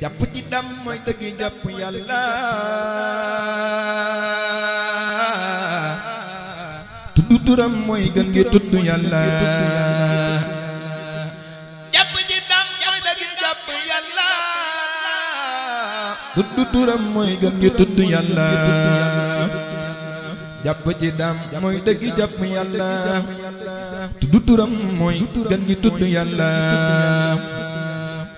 jàpp ci dam mooy dëgg jàpp yàlla tudd turam mooy gën gi tudd yàlla jàpp ci dam mooy dëgg jàpp yàlla tudd turam mooy gën gi tudd yàlla jàpp ci dam mooy dëgg jàpp yàlla tudd turam mooy gën gi tudd yàlla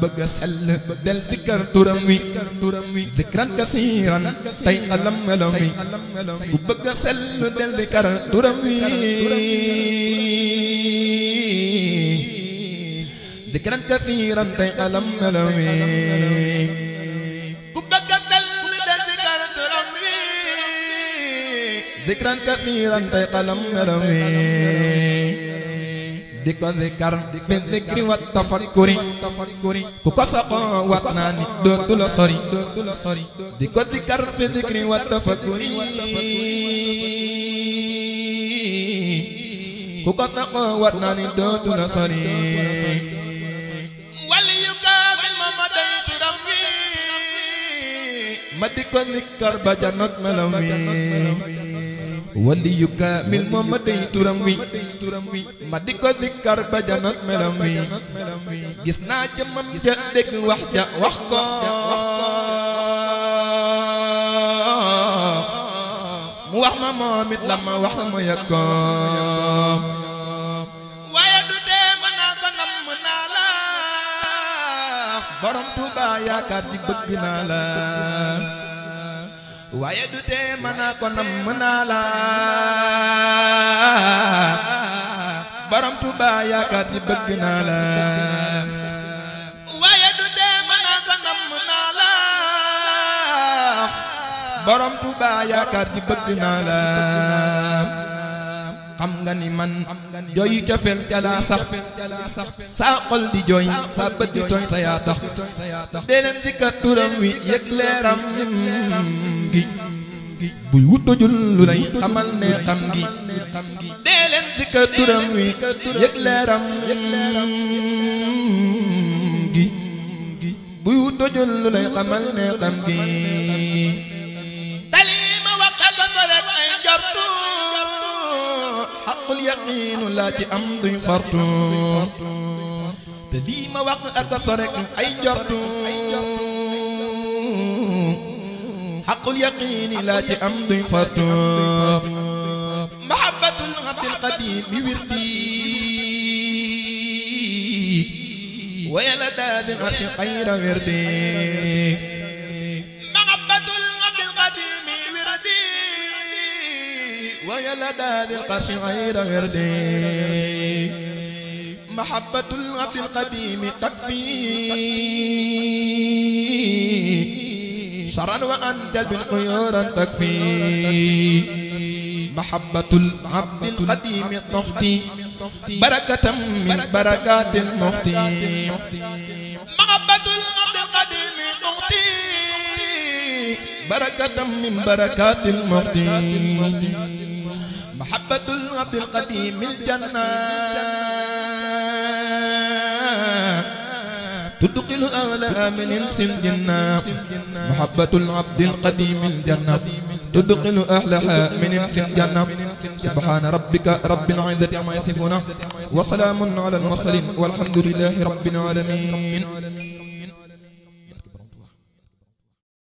bëgg a sell del dikkar turam wi turam wi dikran kasiiran tey alam melam wi ku bëgg a sell del dikkar turam wi dikran kasiiran tey alam melam wi ذكرا كثيرا تيقلم رمي di ko zikar fi zikri wa tafakkuri ku ko soqoo wat naa ni dootu la sori di ko zikar fi zikri wa tafakkuri ku ko soqoo wat naa ni dootu la sori ma di ko zikar ba janook melaw wi waliyu kaamil moom ma dey turam wi ma di ko zikkar ba janag melam wi gis naa jëmmam ja dégg wax ja wax mu wax ma moom it la wax ma yëg ko du dee ma naa ko namm naa la borom Tuubaa yaakaar ji bëgg naa waaye du tee ko nam du tee mën ko nam naa la borom Tuuba yaakaar ji bëgg naa xam nga ni man jooy cofeel ca laa sax saa xol di jooy saa bët tooy te yaa di kat wi yëg leeram gi buy wuttu jullu day xamal ne xam gi dee leen di ka turam wi yëg leeram gi buy wuttu jullu day xamal ne xam gi dalima ma wax ak a so ay jortu حق اليقين لا تأمضي فتوب محبة العبد القديم وردي ويا لداد العرش خير وردي محبة العبد القديم وردي ويا لداد العرش غير وردي محبة العبد القديم تكفي شرا وأن جلب قيورا تكفي محبة العبد القديم تحتي بركة من بركات المحتي محبة العبد القديم تحتي بركة من بركات المحتي محبة العبد القديم الجنة تدخل أعلى من سم جنة محبة العبد القديم الجنة تدخل أحلها من سم جنة سبحان ربك رب العزة عما يصفون وسلام على المرسلين والحمد لله رب العالمين